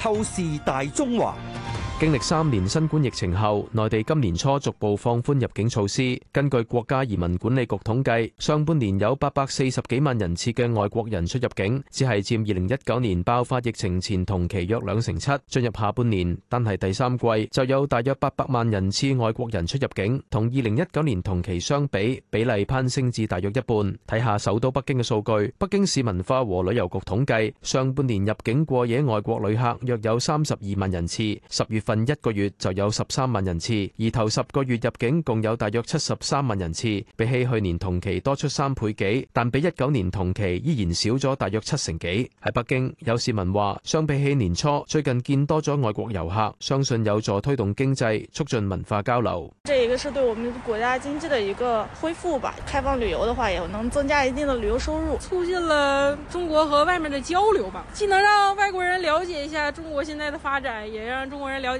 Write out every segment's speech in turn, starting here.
透視大中華。經歷三年新冠疫情後，內地今年初逐步放寬入境措施。根據國家移民管理局統計，上半年有八百四十幾萬人次嘅外國人出入境，只係占二零一九年爆發疫情前同期約兩成七。進入下半年，但係第三季就有大約八百萬人次外國人出入境，同二零一九年同期相比，比例攀升至大約一半。睇下首都北京嘅數據，北京市文化和旅遊局統計，上半年入境過夜外國旅客約有三十二萬人次，十月份。近一個月就有十三萬人次，而頭十個月入境共有大約七十三萬人次，比起去年同期多出三倍幾，但比一九年同期依然少咗大約七成幾。喺北京有市民話，相比起年初，最近見多咗外國遊客，相信有助推動經濟，促進文化交流。這個是對我們國家經濟的一個恢復吧。開放旅遊的話，也能增加一定的旅遊收入，促進了中國和外面的交流吧。既能讓外國人了解一下中國現在的發展，也讓中國人了解。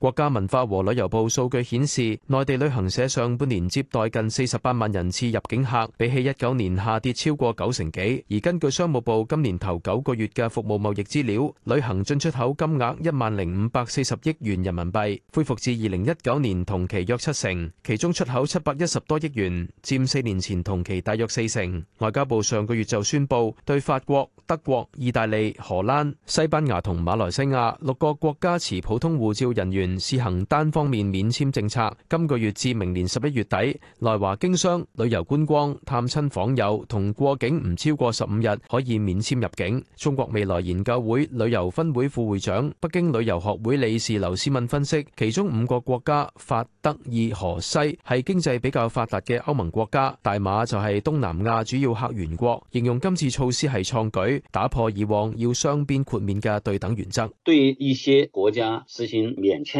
國家文化和旅遊部數據顯示，內地旅行社上半年接待近四十八萬人次入境客，比起一九年下跌超過九成幾。而根據商務部今年頭九個月嘅服務貿易資料，旅行進出口金額一萬零五百四十億元人民幣，恢復至二零一九年同期約七成，其中出口七百一十多億元，佔四年前同期大約四成。外交部上個月就宣布，對法國、德國、意大利、荷蘭、西班牙同馬來西亞六個國家持普通護照人員。試行單方面免簽政策，今個月至明年十一月底，來華經商、旅遊觀光、探親訪友同過境唔超過十五日可以免簽入境。中國未來研究會旅遊分會副會長、北京旅遊學會理事劉思敏分析，其中五個國家法、德、意、荷、西係經濟比較發達嘅歐盟國家，大馬就係東南亞主要客源國。形容今次措施係創舉，打破以往要雙邊豁免嘅對等原則。對一些國家實行免簽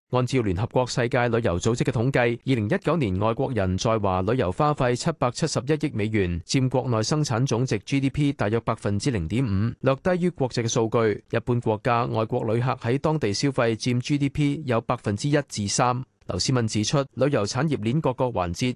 按照聯合國世界旅遊組織嘅統計，二零一九年外國人在華旅遊花費七百七十一億美元，佔國內生產總值 GDP 大約百分之零點五，略低於國際嘅數據，日本國家外國旅客喺當地消費占 GDP 有百分之一至三。劉思敏指出，旅遊產業鏈各個環節。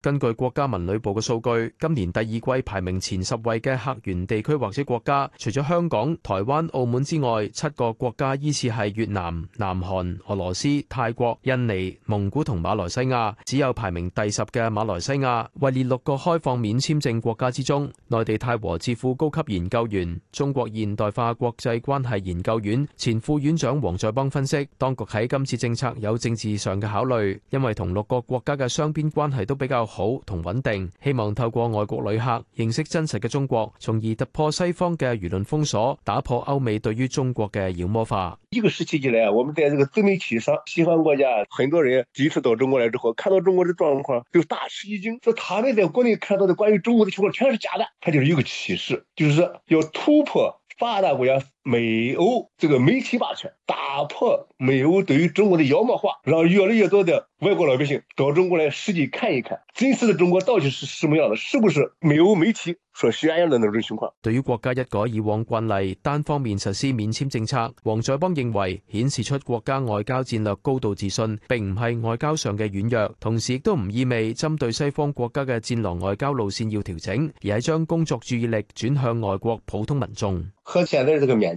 根據國家文旅部嘅數據，今年第二季排名前十位嘅客源地區或者國家，除咗香港、台灣、澳門之外，七個國家依次係越南、南韓、俄羅斯、泰國、印尼、蒙古同馬來西亞。只有排名第十嘅馬來西亞位列六個開放免簽證國家之中。內地泰和智庫高級研究員、中國現代化國際關係研究院前副院長王在邦分析，當局喺今次政策有政治上嘅考慮，因為同六個國家嘅雙邊關係都比較好。好同穩定，希望透過外國旅客認識真實嘅中國，從而突破西方嘅輿論封鎖，打破歐美對於中國嘅妖魔化。一個時期以來，我們在這個自媒體上，西方國家很多人第一次到中國來之後，看到中國嘅狀況就大吃一驚，說他們在國內看到的關於中國的情況全是假的，它就是一個啟示，就是要突破發達國家。美歐這個媒體霸權打破，美歐對於中國的妖魔化，讓越來越多的外國老百姓到中國來實際看一看真實的中國到底是什麼樣的，是不是美歐媒體所宣揚的那種情況？對於國家一改以往慣例，單方面實施免簽政策，王在邦認為顯示出國家外交戰略高度自信，並唔係外交上嘅軟弱，同時亦都唔意味針對西方國家嘅戰狼外交路線要調整，而係將工作注意力轉向外國普通民眾。和現在這個免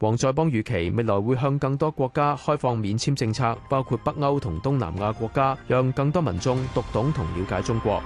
王在邦預期未來會向更多國家開放免簽政策，包括北歐同東南亞國家，讓更多民眾讀懂同了解中國。